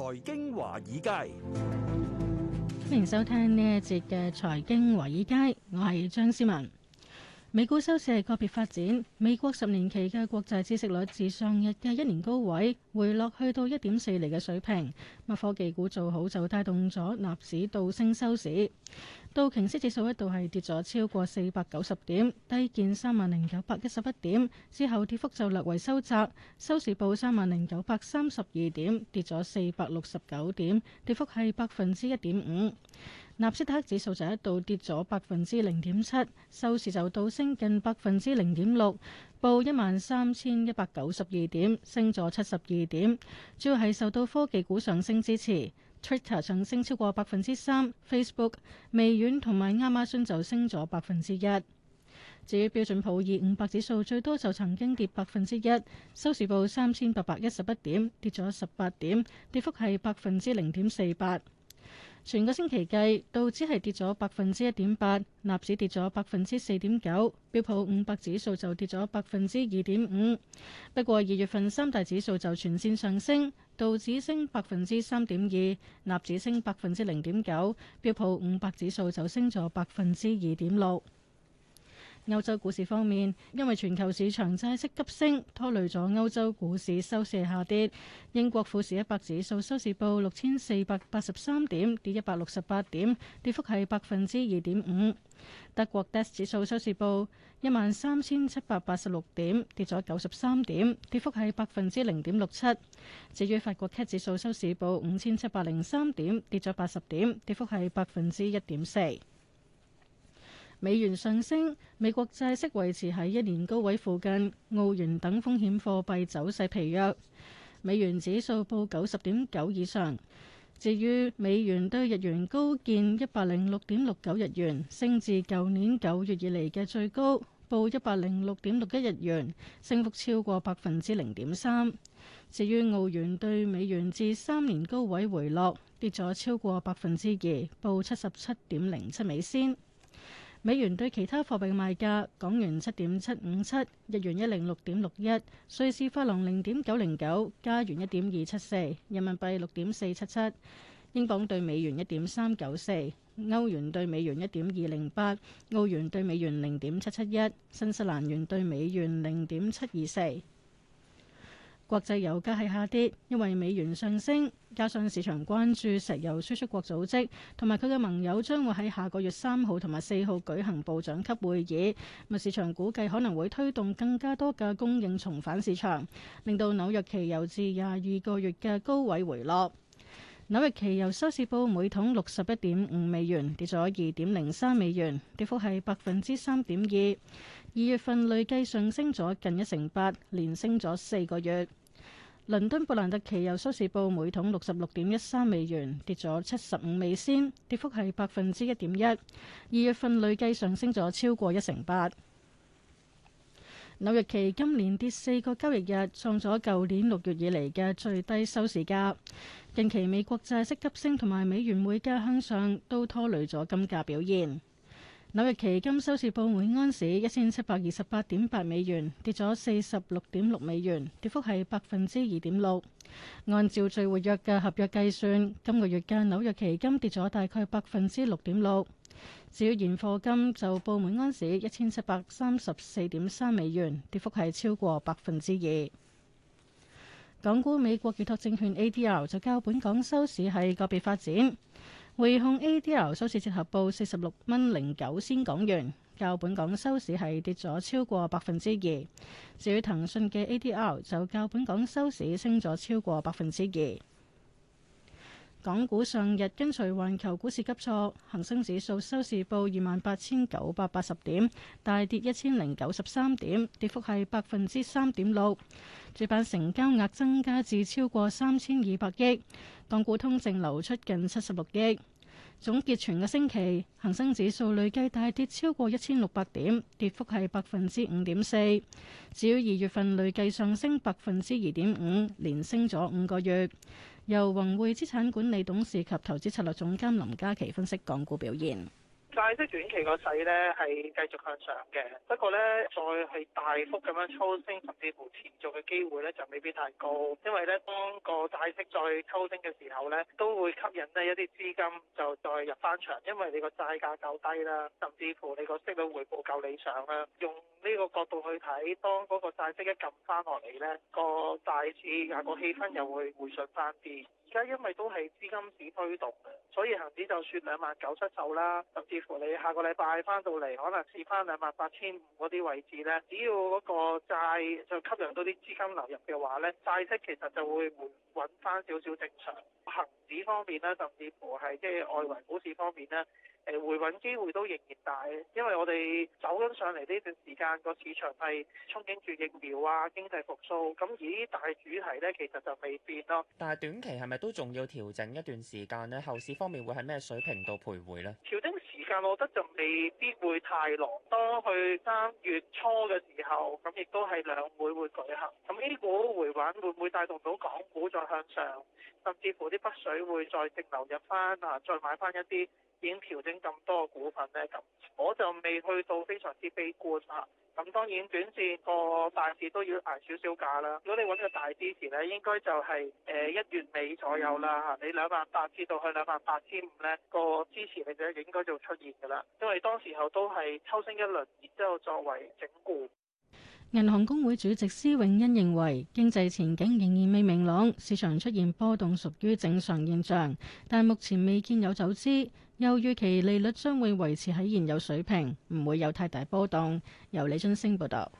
財經華爾街，歡迎收聽呢一節嘅財經華爾街，我係張思文。美股收市係個別發展，美國十年期嘅國債孳息率自上日嘅一年高位，回落去到一點四厘嘅水平，乜科技股做好就帶動咗納指倒升收市。道瓊斯指數一度係跌咗超過四百九十點，低見三萬零九百一十一點，之後跌幅就略為收窄，收市報三萬零九百三十二點，跌咗四百六十九點，跌幅係百分之一點五。納斯達克指數就一度跌咗百分之零點七，收市就倒升近百分之零點六。報一萬三千一百九十二點，升咗七十二點，主要係受到科技股上升支持。Twitter 上升超過百分之三，Facebook、微軟同埋亞馬遜就升咗百分之一。至於標準普爾五百指數，最多就曾經跌百分之一，收市報三千八百一十一點，跌咗十八點，跌幅係百分之零點四八。全個星期計，道指係跌咗百分之一點八，納指跌咗百分之四點九，標普五百指數就跌咗百分之二點五。不過二月份三大指數就全線上升，道指升百分之三點二，納指升百分之零點九，標普五百指數就升咗百分之二點六。歐洲股市方面，因為全球市場債息急升，拖累咗歐洲股市收市下跌。英國富時一百指數收市報六千四百八十三點，跌一百六十八點，跌幅係百分之二點五。德國 DAX 指數收市報一萬三千七百八十六點，跌咗九十三點，跌幅係百分之零點六七。至於法國 CAC 指數收市報五千七百零三點，跌咗八十點，跌幅係百分之一點四。美元上升，美國債息維持喺一年高位附近，澳元等風險貨幣走勢疲弱。美元指數報九十點九以上。至於美元對日元高見一百零六點六九日元，升至舊年九月以嚟嘅最高，報一百零六點六一日元，升幅超過百分之零點三。至於澳元對美元至三年高位回落，跌咗超過百分之二，報七十七點零七美仙。美元對其他貨幣嘅賣價：港元七點七五七，日元一零六點六一，瑞士法郎零點九零九，加元一點二七四，人民幣六點四七七，英鎊對美元一點三九四，歐元對美元一點二零八，澳元對美元零點七七一，新西蘭元對美元零點七二四。國際油價係下跌，因為美元上升，加上市場關注石油輸出國組織同埋佢嘅盟友將會喺下個月三號同埋四號舉行部長級會議。啊，市場估計可能會推動更加多嘅供應重返市場，令到紐約期油至廿二個月嘅高位回落。紐約期油收市報每桶六十一點五美元，跌咗二點零三美元，跌幅係百分之三點二。二月份累計上升咗近一成八，連升咗四個月。倫敦布蘭特期油收市報每桶六十六點一三美元，跌咗七十五美仙，跌幅係百分之一點一。二月份累計上升咗超過一成八。紐約期金連跌四個交易日，創咗舊年六月以嚟嘅最低收市價。近期美國債息急升同埋美元匯價向上都拖累咗金價表現。紐約期金收市報每安士一千七百二十八點八美元，跌咗四十六點六美元，跌幅係百分之二點六。按照最活躍嘅合約計算，今個月嘅紐約期金跌咗大概百分之六點六。至於現貨金就報每安士一千七百三十四點三美元，跌幅係超過百分之二。港股美國預託證券 ADR 就較本港收市係個別發展。匯控 ADR 收市折合報四十六蚊零九仙港元，較本港收市係跌咗超過百分之二。至於騰訊嘅 ADR 就較本港收市升咗超過百分之二。港股上日跟隨環球股市急挫，恒生指數收市報二萬八千九百八十點，大跌一千零九十三點，跌幅係百分之三點六。主板成交額增加至超過三千二百億，港股通淨流出近七十六億。總結全個星期，恒生指數累計大跌超過一千六百點，跌幅係百分之五點四。至於二月份累計上升百分之二點五，連升咗五個月。由宏匯資產管理董事及投資策略總監林嘉琪分析港股表現。債息短期個勢咧係繼續向上嘅，不過咧再係大幅咁樣抽升，甚至乎持續嘅機會咧就未必太高，因為咧當個債息再抽升嘅時候咧，都會吸引呢一啲資金就再入翻場，因為你個債價夠低啦，甚至乎你個息率回報夠理想啦。用呢個角度去睇，當嗰個債息一撳翻落嚟咧，個債市啊個氣氛又會回順翻啲。而家因為都係資金市推動，所以恒指就算兩萬九失守啦。甚至乎你下個禮拜翻到嚟，可能試翻兩萬八千五嗰啲位置咧。只要嗰個債就吸引到啲資金流入嘅話咧，債息其實就會回穩翻少少正常。恒指方面咧，甚至乎係即係外圍股市方面咧。誒回穩機會都仍然大，因為我哋走緊上嚟呢段時間個市場係憧憬住疫苗啊、經濟復甦咁，而啲大主題呢，其實就未變咯。但係短期係咪都仲要調整一段時間呢？後市方面會喺咩水平度徘徊呢？調整時間，我覺得就未必會太 long。當去三月初嘅時候，咁亦都係兩會會舉行，咁 A 股回穩會唔會帶動到港股再向上，甚至乎啲北水會再直流入翻啊，再買翻一啲。已經調整咁多嘅股份呢，咁我就未去到非常之悲觀吓。咁當然短線個大市都要挨少少價啦。如果你搵個大支持呢，應該就係誒一月尾左右啦吓。嗯，你兩萬八至到去兩萬八千五呢，那個支持你就應該就出現噶啦。因為當時候都係抽升一輪，然之後作為整固。銀行公會主席施永恩認為，經濟前景仍然未明朗，市場出現波動屬於正常現象，但目前未見有走資，又預期利率將會維持喺現有水平，唔會有太大波動。由李津星報道。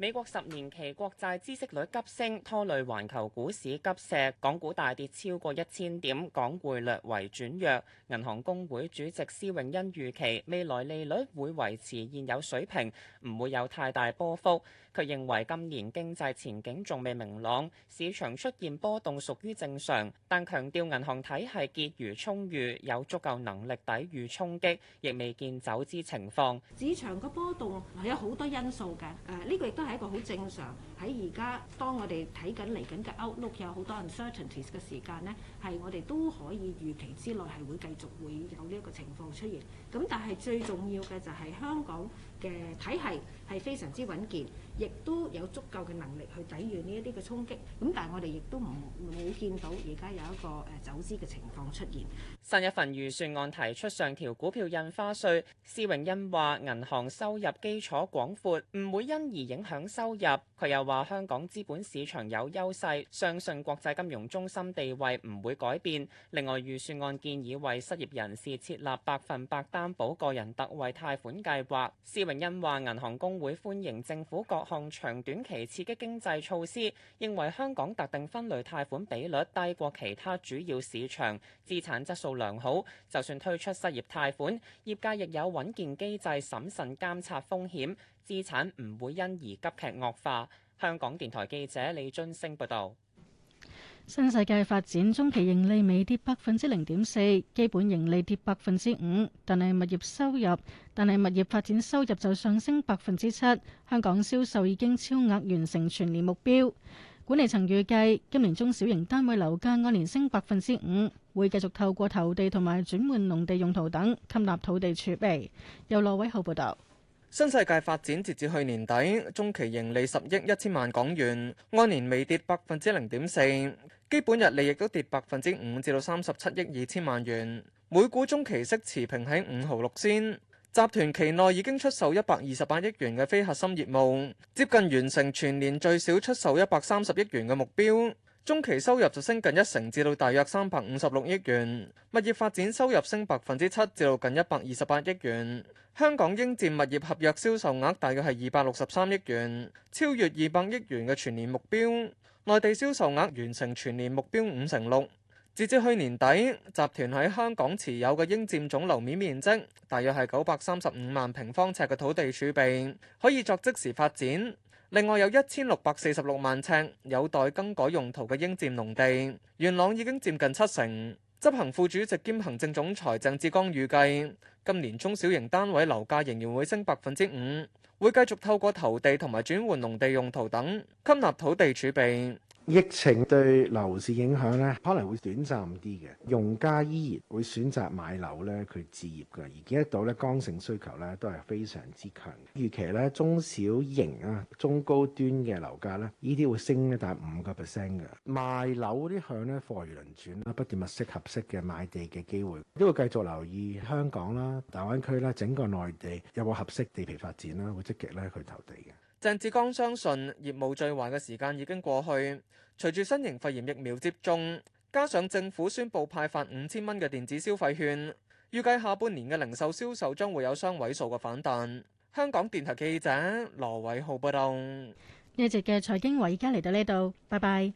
美國十年期國債孳息率急升，拖累環球股市急瀉，港股大跌超過一千點，港匯略為轉弱。銀行公會主席施永恩預期未來利率會維持現有水平，唔會有太大波幅。佢認為今年經濟前景仲未明朗，市場出現波動屬於正常，但強調銀行體系結餘充裕，有足夠能力抵禦衝擊，亦未見走資情況。市場個波動係有好多因素嘅，誒，呢個亦都係一個好正常。喺而家當我哋睇緊嚟緊嘅 Outlook，有好多 uncertainties 嘅時間，呢係我哋都可以預期之內係會繼續會有呢一個情況出現。咁但係最重要嘅就係香港。嘅體系係非常之穩健，亦都有足夠嘅能力去抵禦呢一啲嘅衝擊，咁但係我哋亦都唔會見到而家有一個誒走資嘅情況出現。新一份預算案提出上調股票印花稅，施穎茵話銀行收入基礎廣闊，唔會因而影響收入。佢又話香港資本市場有優勢，相信國際金融中心地位唔會改變。另外，預算案建議為失業人士設立百分百擔保個人特惠貸款計劃。施永恩話：銀行公會歡迎政府各項長短期刺激經濟措施，認為香港特定分類貸款比率低過其他主要市場，資產質素良好，就算推出失業貸款，業界亦有穩健機制審慎監察風險，資產唔會因而急劇惡化。香港電台記者李津升報道。新世界發展中期盈利微跌百分之零點四，基本盈利跌百分之五，但係物業收入但係物業發展收入就上升百分之七。香港銷售已經超額完成全年目標。管理層預計今年中小型單位樓價按年升百分之五，會繼續透過投地同埋轉換農地用途等吸納土地儲備。由羅偉浩報道。新世界發展截至去年底中期盈利十億一千萬港元，按年微跌百分之零點四。基本日利亦都跌百分之五，至到三十七億二千萬元。每股中期息持平喺五毫六仙。集團期內已經出售一百二十八億元嘅非核心業務，接近完成全年最少出售一百三十億元嘅目標。中期收入就升近一成，至到大約三百五十六億元。物業發展收入升百分之七，至到近一百二十八億元。香港應佔物業合約銷售額大約係二百六十三億元，超越二百億元嘅全年目標。內地銷售額完成全年目標五成六。截至去年底，集團喺香港持有嘅應佔總樓面面積大約係九百三十五萬平方尺嘅土地儲備，可以作即時發展。另外有一千六百四十六萬尺有待更改用途嘅應佔農地，元朗已經佔近七成。執行副主席兼行政總裁鄭志剛預計，今年中小型單位樓價仍然會升百分之五，會繼續透過投地同埋轉換農地用途等，吸納土地儲備。疫情對樓市影響咧，可能會短暫啲嘅，用家依然會選擇買樓咧，佢置業㗎，而見得到咧，剛性需求咧都係非常之強。預期咧中小型啊、中高端嘅樓價咧，呢啲會升咧，大概五個 percent 嘅。賣樓呢向咧貨如輪轉啦，不斷物色合適嘅買地嘅機會，都會繼續留意香港啦、大灣區啦、整個內地有冇合適地皮發展啦，會積極咧去投地嘅。鄭志剛相信業務最壞嘅時間已經過去，隨住新型肺炎疫苗接種，加上政府宣佈派發五千蚊嘅電子消費券，預計下半年嘅零售銷售將會有雙位數嘅反彈。香港電台記者羅偉浩報道。呢一節嘅財經話，而家嚟到呢度，拜拜。